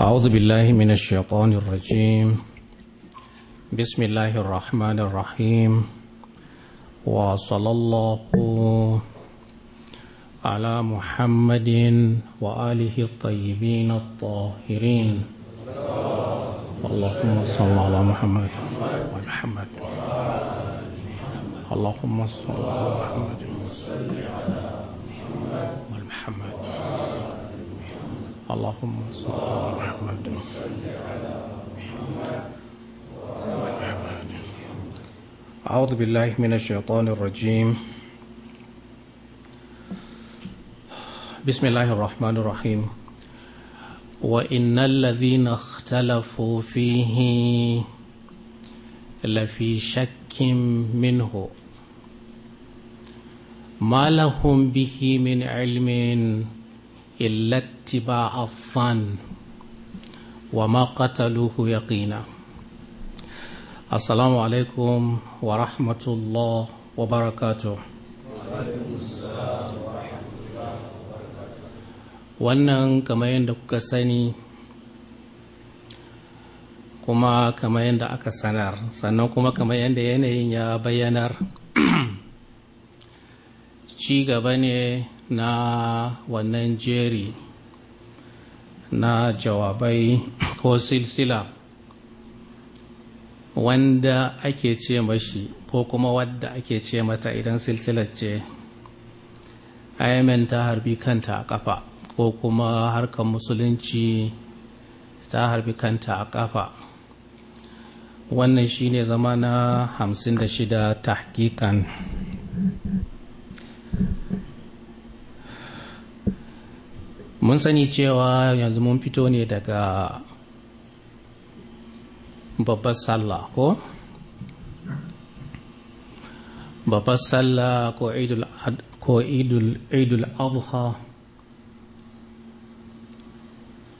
أعوذ بالله من الشيطان الرجيم بسم الله الرحمن الرحيم وصلى الله على محمد وآله الطيبين الطاهرين اللهم صل على محمد وعلى محمد اللهم صل على محمد وعلى محمد اللهم صل على محمد أعوذ بالله من الشيطان الرجيم بسم الله الرحمن الرحيم وإن الذين اختلفوا فيه لفي شك منه ما لهم به من علم إلا اتباع الظن وما قتلوه يقينا السلام عليكم ورحمة الله وبركاته wannan kamar yadda kuka sani kuma kamar yadda aka sanar sannan kuma kamar yadda yanayin ya bayyanar ci gaba ne na wannan jeri na jawabai ko silsila wanda ake ce mashi ko kuma wadda ake ce mata idan silsilar ce ayyamin ta harbi kanta a kafa ko kuma harkar musulunci ta harbi kanta a kafa wannan shine zama na 56 tahkikan mun sani cewa yanzu mun fito ne daga babbar sallah ko babbar sallah ko idul adha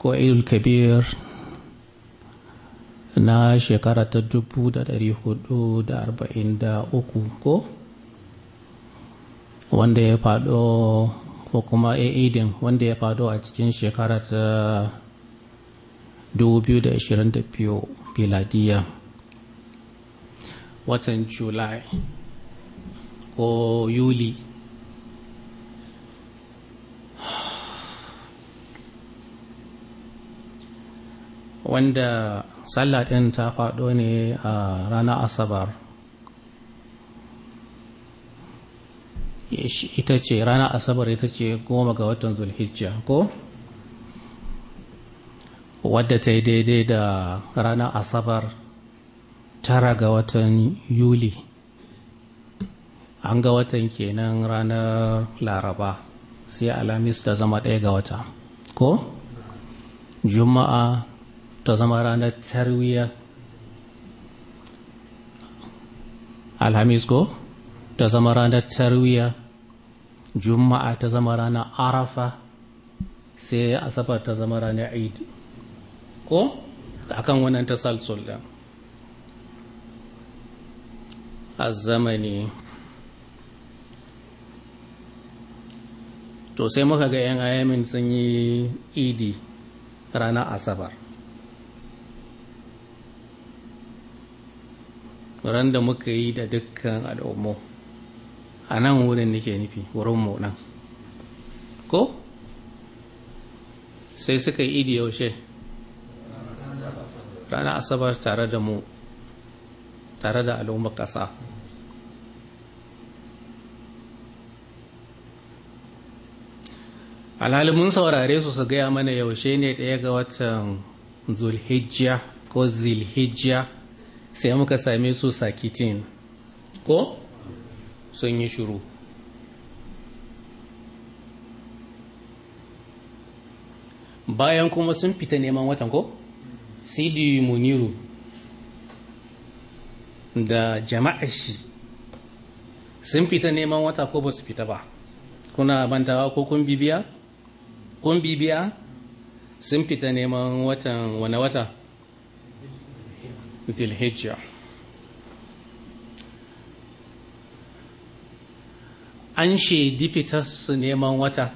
ko idul kabir na shekara ta 443 ko wanda ya faɗo ko kuma aidin wanda ya faɗo a cikin shekara ta 2022 filadiya watan july ko yuli wanda sallah ɗin ta faɗo ne a ranar asabar ita ce ranar asabar ita ce goma ga watan zulhijja ko wadda ta yi daidai da ranar asabar tara ga watan yuli an ga watan kenan ranar laraba sai alamis ta zama ɗaya ga wata ko juma'a ta zama ranar tarwiyar alhamis ko ta zama ranar tarwiya juma'a ta zama ranar arafa sai asabar ta zama ranar aid ko ta akan wannan tasalsul din a zamani to sai muka ga yan ayamin sun yi idi ranar asabar Randa muka yi da dukkan al'ummu a nan wurin nake nufi wurin mu ko sai suka yi idi yaushe rana asabar tare da mu tare da al'umma ƙasa alhali mun saurare su su gaya mana yaushe ne ɗaya ga watan zulhijjiya ko zilhijjiya sai muka same su sakitin ko sun yi shuru bayan kuma sun fita neman watan ko sidi muniru da jama'a shi sun fita neman wata ko ba su fita ba kuna bantawa ko kun bibiya kun bibiya sun fita neman watan wane wata zilhijjiyar an shaidi fitar su neman wata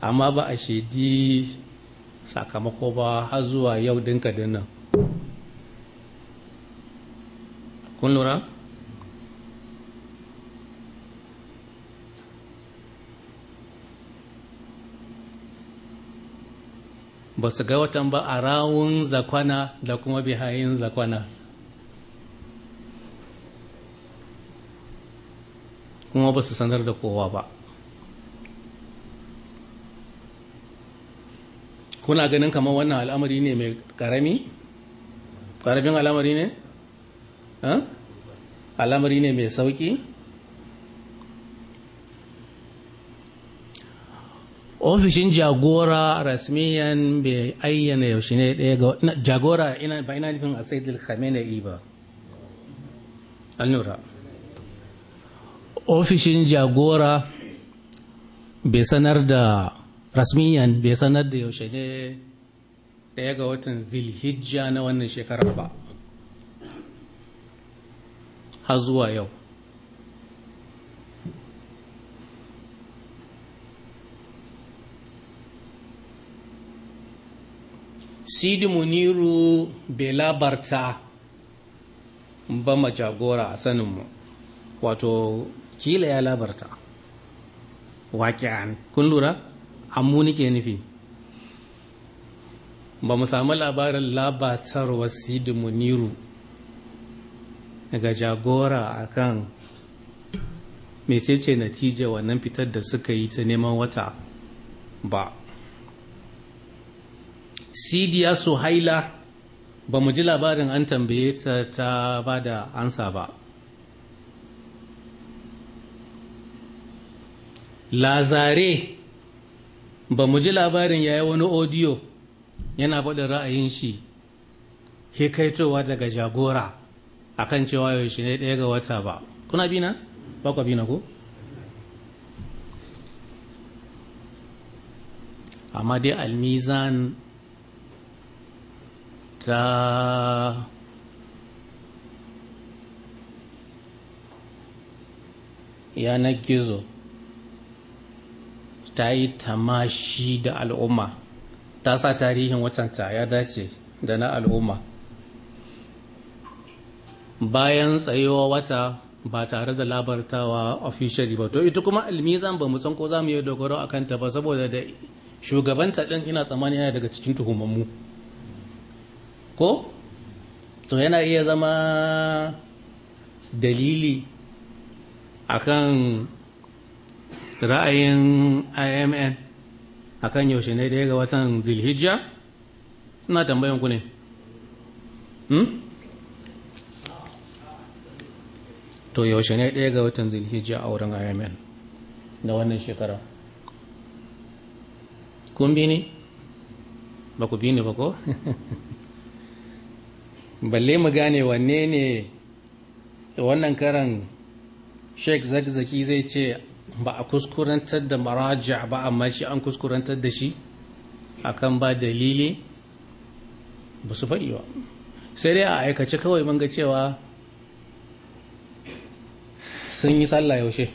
amma ba a shaidi sakamako ba har zuwa yau dinka dinnan kun lura? ba su ga watan ba a rawun zakwana da kuma bihayin zakwana kuma ba su sanar da kowa ba kuna ganin kamar wannan al'amari ne mai karami ƙaramin al'amari ne al'amari ne mai sauki ofishin jagora rasmiyan bai ayyana yaushe ne ɗaya ga jagora ba ina nufin a saidul khamenei ba allura ofishin jagora bai sanar da rasmiyan bai sanar da yaushe ne daya ga watan zilhijja na wannan shekarar ba har zuwa yau sidi muniru bai labarta ba jagora a saninmu wato kila ya labarta waƙi'an kun lura ammu nike nufi ba mu samu labarin labatarwar sidi muniru daga jagora akan mecece natija wannan fitar da suka yi ta neman wata ba sidiya suhaila ba mu ji labarin an tambaye ta ta ba da ansa ba lazare ba mu ji labarin ya yi wani odiyo yana faɗin ra'ayin shi hikaitowa daga jagora kan cewa yaushe ne ɗaya ga wata ba kuna bina ba ku bina ko amma dai almizan ta yanar gizo ta yi tamashi da al'umma ta sa tarihin watanta ya dace da na al'umma bayan tsayewa wata ba tare da labartawa officially ba to ita kuma almizan ba mu san ko za mu yi dogaro a kanta ba saboda da shugabanta ɗin ina tsammani yana daga cikin tuhumammu ko to yana iya zama dalili akan ra'ayin imn a kan yaushe ne daya ga watan zilhijja ina tambayin ku ne hmm? to yaushe ne daya ga watan zilhijja a wurin imn na wannan shekara kun bi ne ba ku bi ne ba ko balle mu gane wanne ne wannan karan sheik zakzaki zai ce ba a kuskurantar da maraja ba amma shi an kuskurantar da shi akan ba dalili ba su faɗi ba sai dai a aikace kawai mun ga cewa sun yi sallah yaushe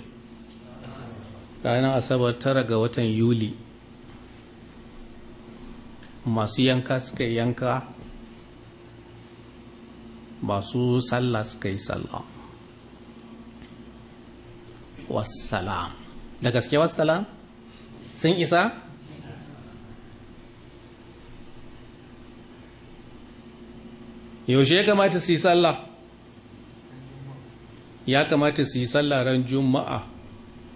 ranar asabar tara ga watan yuli masu yanka suka yanka masu sallah suka yi sallah wassalam da gaske wassalam sun isa yaushe ya kamata su yi sallah ya kamata su yi sallah ran juma'a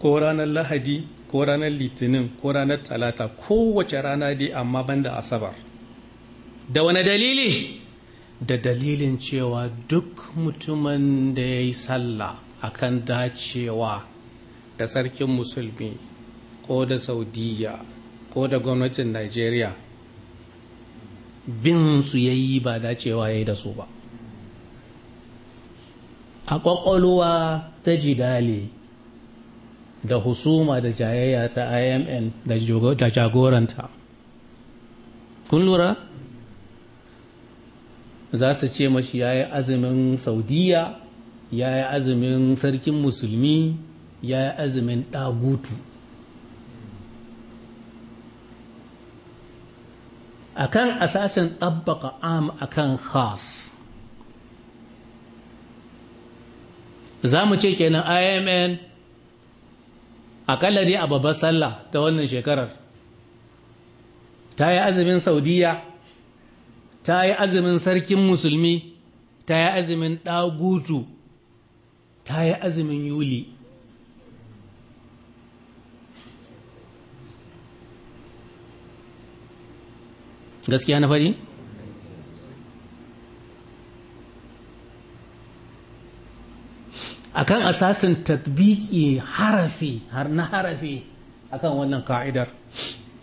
ko ranar lahadi ko ranar litinin ko ranar talata kowace rana dai amma banda asabar da wani dalili da dalilin cewa duk mutumin da ya yi sallah akan dacewa da sarkin musulmi ko da saudiya ko da gwamnatin nigeria bin su ya yi ba dacewa ya yi da su ba a kwakwalwa ta jidali da husuma da jayayya ta imn da jagoranta kun lura za su ce mashi ya yi azumin saudiya ya yi azumin sarkin musulmi ya yi azumin ɗagutu a kan asasin ɗabbaka am a kan khas za mu ce kenan imn akalla dai a babbar sallah ta wannan shekarar ta yi azumin saudiya ta yi azumin sarkin musulmi ta yi azumin ɗagutu ta yi azumin yuli gaskiya na fari? akan asasin tatbiki harafi har na harafi akan wannan ka'idar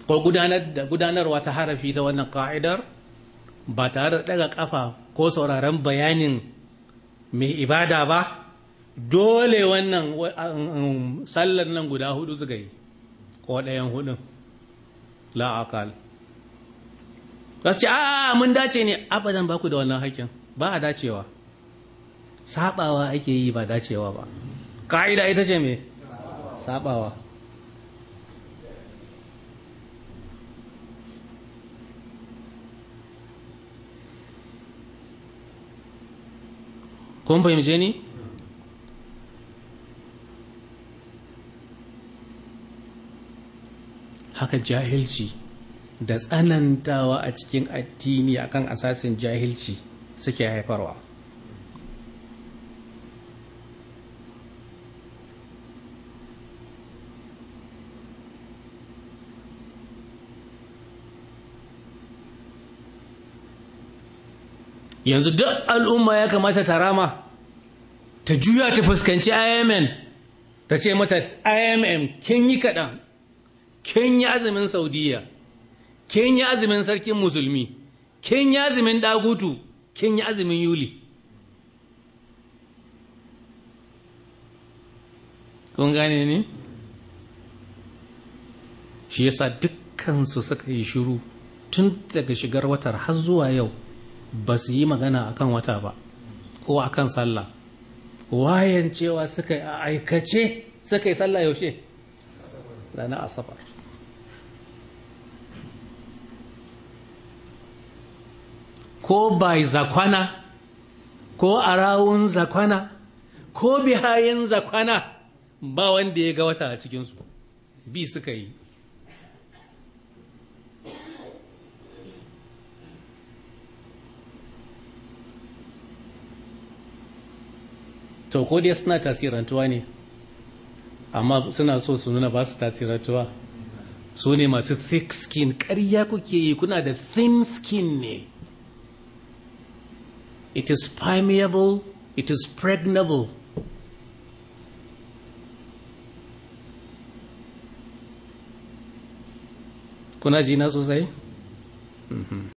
ko gudanarwa ta harafi ta wannan ka'idar ba tare da daga kafa ko sauraron bayanin mai ibada ba dole wannan sallar nan guda hudu suka yi ko ɗayan hudun la'akal za su ce a mun dace ne abadan ba ku da wannan hakkin ba a dacewa sabawa ake yi ba dacewa ba ka'ida ita ce me sabawa kun fahimce ni haka jahilci da tsanantawa a cikin addini akan asasin jahilci suke haifarwa yanzu duk al'umma ya kamata ta rama ta juya ta fuskanci imn ta ce mata imm kin yi kaɗan kin yi azumin Saudiyya. kin yi azumin sarkin musulmi kin yi azumin dagutu kin yi azumin yuli kun gane ne shi yasa dukkansu suka yi shiru tun daga shigar watar har zuwa yau ba su yi magana akan wata ba ko akan sallah wayan cewa suka aikace suka yi sallah yaushe ranar asabar ko bai zakwana ko a rawun zakwana ko bihayen zakwana ba wanda ya ga wata a cikinsu bi suka yi to ko dai suna tasirantuwa ne amma suna so su nuna ba su tasirantuwa su masu thick skin ƙarya kuke yi kuna da thin skin ne it is permeable, it is pregnable. Kuna jina sosai? Mm-hmm.